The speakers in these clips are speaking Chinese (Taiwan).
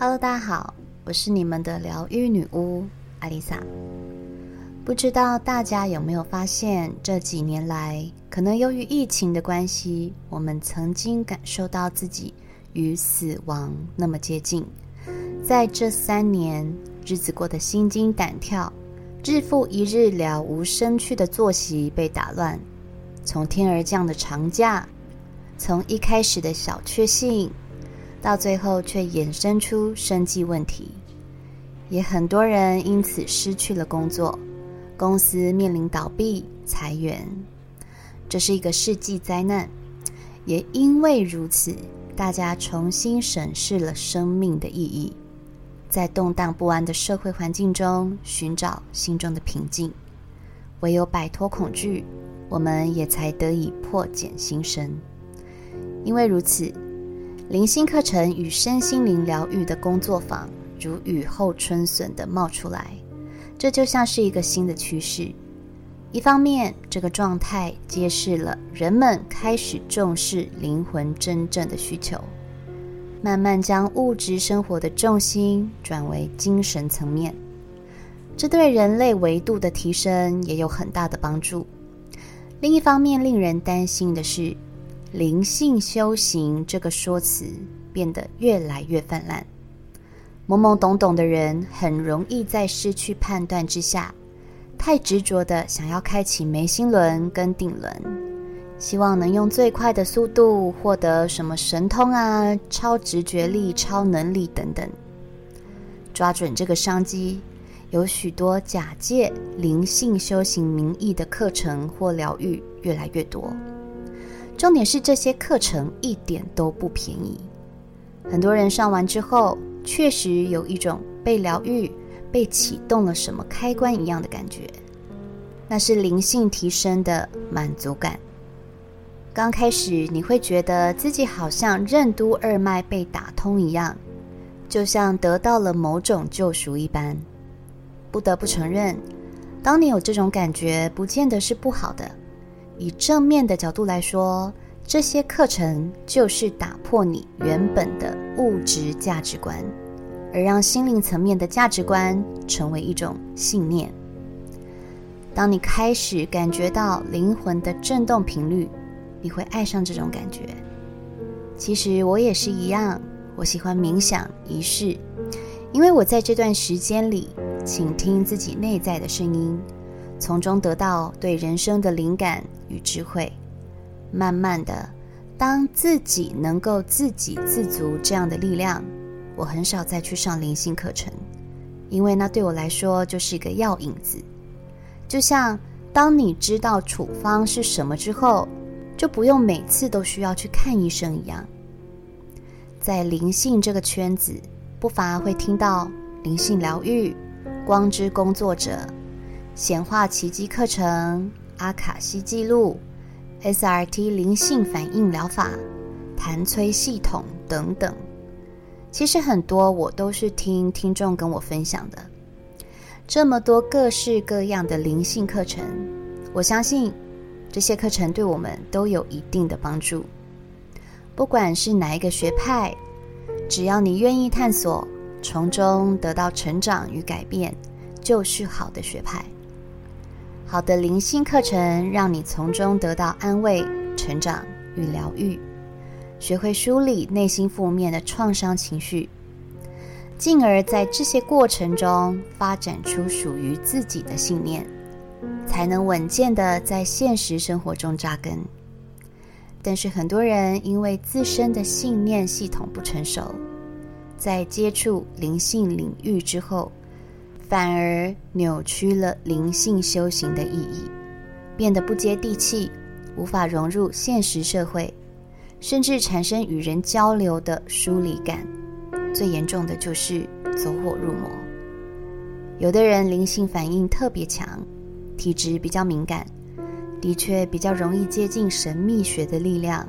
哈嘍，大家好，我是你們的療癒女巫艾麗莎。不知道大家有沒有發現，這幾年來，可能由於疫情的關係，我們曾經感受到自己與死亡那麼接近。在這三年，日子過得心驚膽跳，日復一日了無生趣的作息被打亂，從天而降的長假，從一開始的小確幸。到最後卻衍生出生計問題，也很多人因此失去了工作，公司面臨倒閉、裁員，這是一個世紀災難。也因為如此，大家重新審視了生命的意義，在動盪不安的社會環境中尋找心中的平靜。唯有擺脫恐懼，我們也才得以破繭新生。因為如此。靈性課程與身心靈療癒的工作坊如雨後春筍的冒出來，這就像是一個新的趨勢。一方面，這個狀態揭示了人們開始重視靈魂真正的需求，慢慢將物質生活的重心轉為精神層面，這對人類維度的提升也有很大的幫助。另一方面，令人擔心的是。靈性修行這個說辭變得越來越泛濫，懵懵懂懂的人很容易在失去判斷之下，太執着的想要開啟眉心輪跟頂輪，希望能用最快的速度獲得什麼神通啊、超直覺力、超能力等等。抓準這個商機，有許多假借靈性修行名義的課程或療癒越來越多。重點是這些課程一點都不便宜，很多人上完之後，確實有一種被療癒、被啟動了什麼開關一樣的感覺，那是靈性提升的滿足感。剛開始你會覺得自己好像任督二脈被打通一樣，就像得到了某種救贖一般。不得不承認，當你有這種感覺，不見得是不好的。以正面的角度來說，這些課程就是打破你原本的物質價值觀，而讓心靈層面的價值觀成為一種信念。當你開始感覺到靈魂的振動頻率，你會愛上這種感覺。其實我也是一樣，我喜歡冥想儀式，因為我在這段時間裡傾聽自己內在的聲音。從中得到對人生的靈感與智慧。慢慢的，當自己能夠自給自足這樣的力量，我很少再去上靈性課程，因為那對我來說就是一個藥引子。就像當你知道處方是什麼之後，就不用每次都需要去看醫生一樣。在靈性這個圈子，不乏會聽到靈性療癒、光之工作者。顯化奇蹟課程、阿卡西記錄、SRT 靈性反應療法、譚崔系統等等，其實很多我都是聽聽眾跟我分享的。這麼多各式各樣的靈性課程，我相信這些課程對我們都有一定的幫助。不管是哪一個學派，只要你願意探索，從中得到成長與改變，就是好的學派。好的靈性課程，讓你從中得到安慰、成長與療癒，學會梳理內心負面的創傷情緒，進而，在這些過程中發展出屬於自己的信念，才能穩健地在現實生活中扎根。但是，很多人因為自身的信念系統不成熟，在接觸靈性領域之後，反而扭曲了靈性修行的意義，變得不接地氣，無法融入現實社會，甚至產生與人交流的疏離感。最嚴重的就是走火入魔。有的人靈性反應特別強，體質比較敏感，的確比較容易接近神秘學的力量。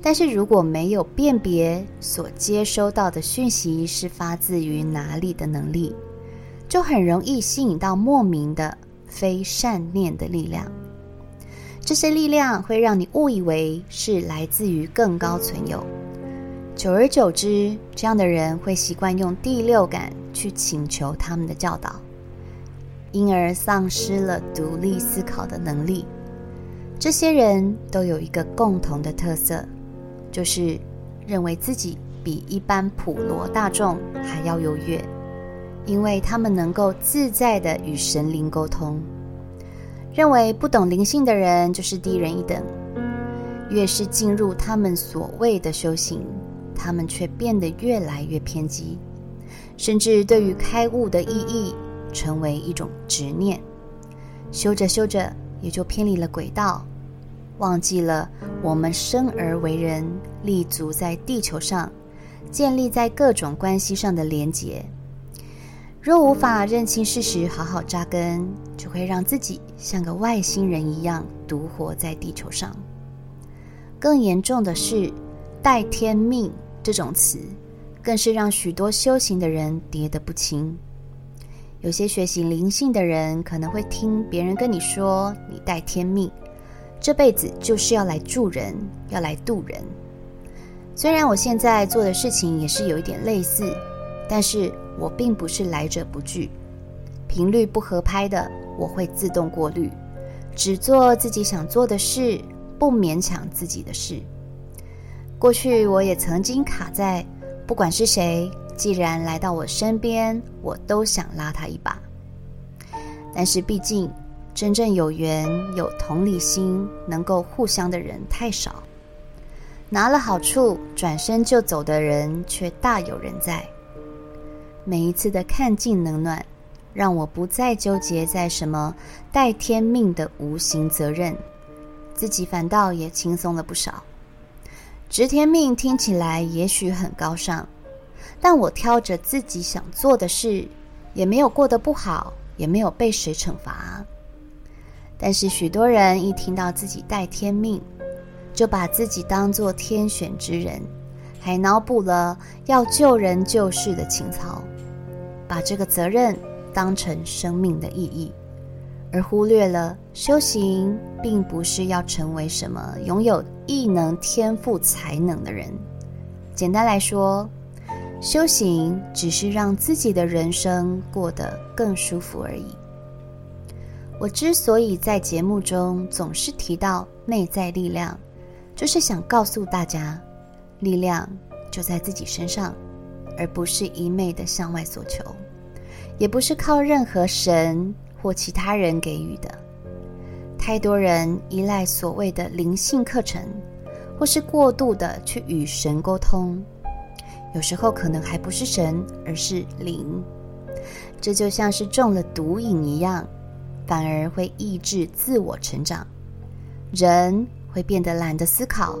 但是如果沒有辨別所接收到的訊息是發自於哪裡的能力，就很容易吸引到莫名的非善念的力量，這些力量會讓你誤以為是來自於更高存有。久而久之，這樣的人會習慣用第六感去請求他們的教導，因而喪失了獨立思考的能力。這些人都有一個共同的特色，就是認為自己比一般普羅大眾還要優越。因為他們能夠自在地與神靈溝通，認為不懂靈性的人就是低人一等。越是進入他們所謂的修行，他們卻變得越來越偏激，甚至對於開悟的意義成為一種執念。修着修着，也就偏離了軌道，忘記了我們生而為人，立足在地球上，建立在各種關係上的連結。若無法認清事實，好好扎根，就會讓自己像個外星人一樣獨活在地球上。更嚴重的是，“帶天命”這種詞，更是讓許多修行的人跌得不輕。有些學習靈性的人，可能會聽別人跟你說：“你帶天命，這輩子就是要來助人，要來渡人。”雖然我現在做的事情也是有一點類似。但是我並不是來者不拒，頻率不合拍的我會自動過濾，只做自己想做的事，不勉強自己的事。過去我也曾經卡在，不管是誰，既然來到我身邊，我都想拉他一把。但是畢竟，真正有緣、有同理心、能夠互相的人太少，拿了好處轉身就走的人卻大有人在。每一次的看盡冷暖，讓我不再糾結在什麼帶天命的無形責任，自己反倒也輕鬆了不少。帶天命聽起來也許很高尚，但我挑着自己想做的事，也沒有過得不好，也沒有被誰懲罰。但是許多人一聽到自己帶天命，就把自己當做天選之人。還腦補了要救人救世的情操，把這個責任當成生命的意義，而忽略了修行並不是要成為什麼擁有異能、天賦、才能的人。簡單來說，修行只是讓自己的人生過得更舒服而已。我之所以在節目中總是提到內在力量，就是想告訴大家。力量就在自己身上，而不是一昧的向外所求，也不是靠任何神或其他人給予的。太多人依賴所謂的靈性課程，或是過度的去與神溝通，有時候可能還不是神，而是靈。這就像是中了毒癮一樣，反而會抑制自我成長，人會變得懶得思考。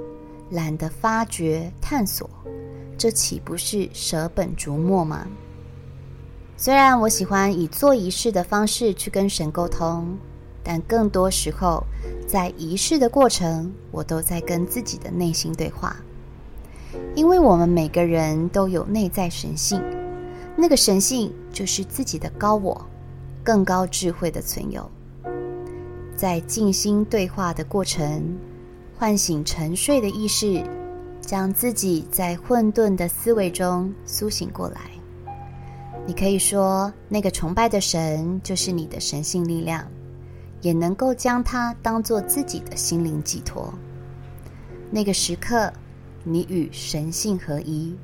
懶得發掘探索，這豈不是捨本逐末嗎？雖然我喜歡以做儀式的方式去跟神溝通，但更多時候在儀式的過程，我都在跟自己的內心對話。因為我們每個人都有內在神性，那個神性就是自己的高我，更高智慧的存有。在靜心對話的過程。喚醒沉睡的意識，將自己在混沌的思維中甦醒過來。你可以說，那個崇拜的神就是你的神性力量，也能夠將它當做自己的心靈寄託。那個時刻，你與神性合一，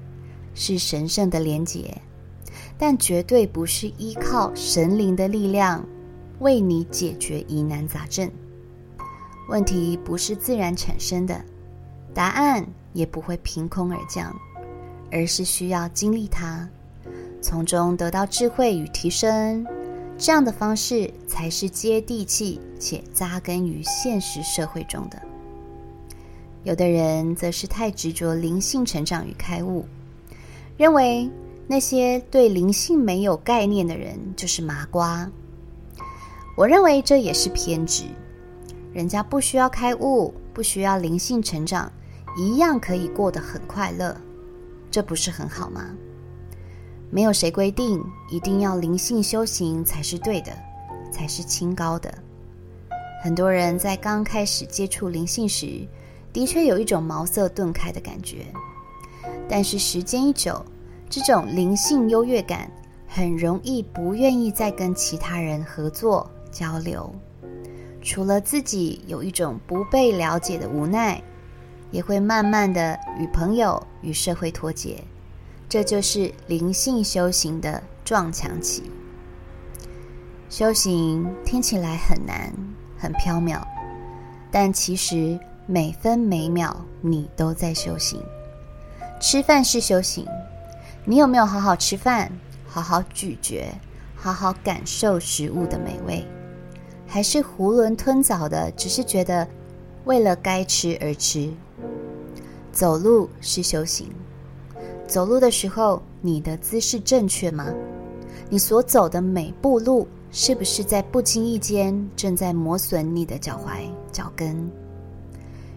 是神聖的連結，但絕對不是依靠神靈的力量為你解決疑難雜症。問題不是自然產生的，答案也不會憑空而降，而是需要經歷它，從中得到智慧與提升。這樣的方式才是接地氣且紮根於現實社會中的。有的人則是太執着靈性成長與開悟，認為那些對靈性沒有概念的人就是麻瓜。我認為這也是偏執。人家不需要開悟，不需要靈性成長，一樣可以過得很快樂，這不是很好嗎？沒有誰規定一定要靈性修行才是對的，才是清高的。很多人在剛開始接觸靈性時，的確有一種茅塞頓開的感覺，但是時間一久，這種靈性優越感很容易不願意再跟其他人合作交流。除了自己有一種不被了解的無奈，也會慢慢的與朋友與社會脫節，這就是靈性修行的撞牆期。修行聽起來很難，很飄渺，但其實每分每秒你都在修行。吃飯是修行，你有沒有好好吃飯，好好咀嚼，好好感受食物的美味？還是囫圇吞棗的，只是覺得為了該吃而吃。走路是修行，走路的時候，你的姿勢正確嗎？你所走的每步路，是不是在不經意間正在磨損你的腳踝、腳跟？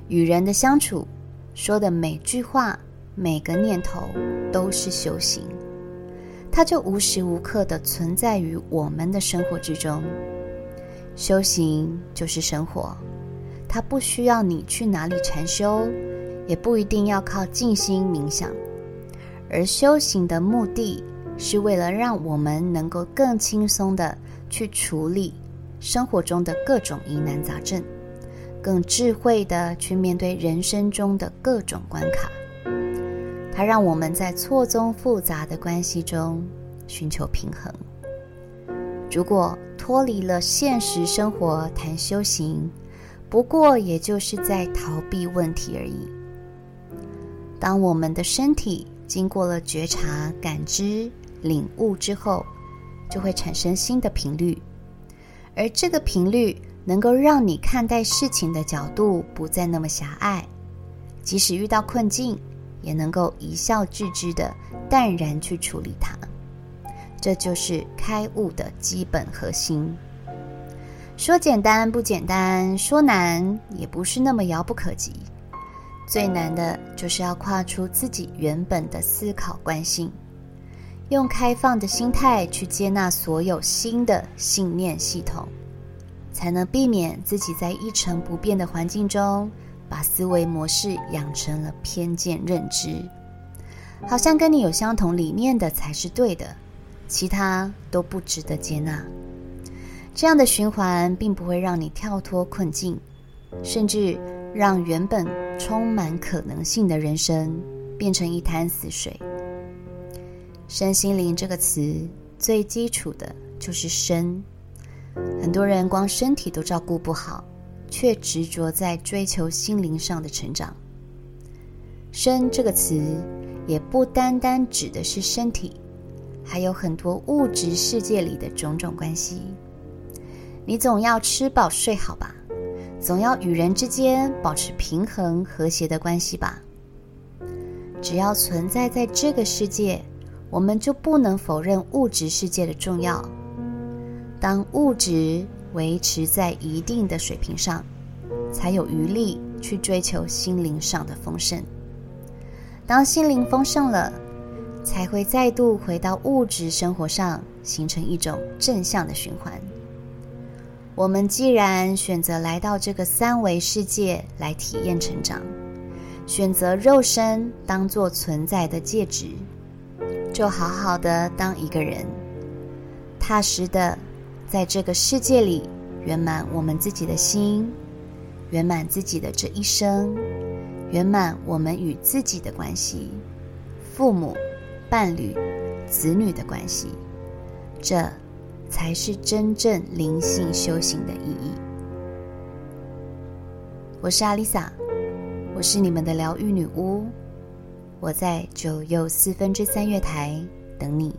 與人的相處，說的每句話、每個念頭，都是修行，它就無時無刻的存在於我們的生活之中。修行就是生活，它不需要你去哪裡禪修，也不一定要靠靜心冥想。而修行的目的是為了讓我們能夠更輕鬆的去處理生活中的各種疑難雜症，更智慧的去面對人生中的各種關卡。它讓我們在錯綜複雜的關係中尋求平衡。如果脫離了現實生活談修行，不過也就是在逃避問題而已。當我們的身體經過了覺察、感知、領悟之後，就會產生新的頻率，而這個頻率能夠讓你看待事情的角度不再那麼狹隘，即使遇到困境，也能夠一笑置之的淡然去處理它。這就是開悟的基本核心。說簡單不簡單，說難也不是那麼遙不可及。最難的就是要跨出自己原本的思考慣性，用開放的心態去接納所有新的信念系統，才能避免自己在一成不變的環境中把思維模式養成了偏見認知，好像跟你有相同理念的才是對的。其他都不值得接納，這樣的循環並不會讓你跳脫困境，甚至讓原本充滿可能性的人生變成一潭死水。身心靈這個詞最基礎的就是身，很多人光身體都照顧不好，卻執着在追求心靈上的成長。身這個詞也不單單指的是身體。還有很多物質世界裡的種種關係，你總要吃飽睡好吧，總要與人之間保持平衡和諧的關係吧。只要存在在這個世界，我們就不能否認物質世界的重要。當物質維持在一定的水平上，才有餘力去追求心靈上的豐盛。當心靈豐盛了，才會再度回到物質生活上，形成一種正向的循環。我們既然選擇來到這個三維世界來體驗成長，選擇肉身當做存在的介質，就好好的當一個人，踏實的在這個世界裡圓滿我們自己的心，圓滿自己的這一生，圓滿我們與自己的關係，父母。伴侶、子女的關係，這才是真正靈性修行的意義。我是阿麗薩，我是你們的療癒女巫，我在九又四分之三月台等你。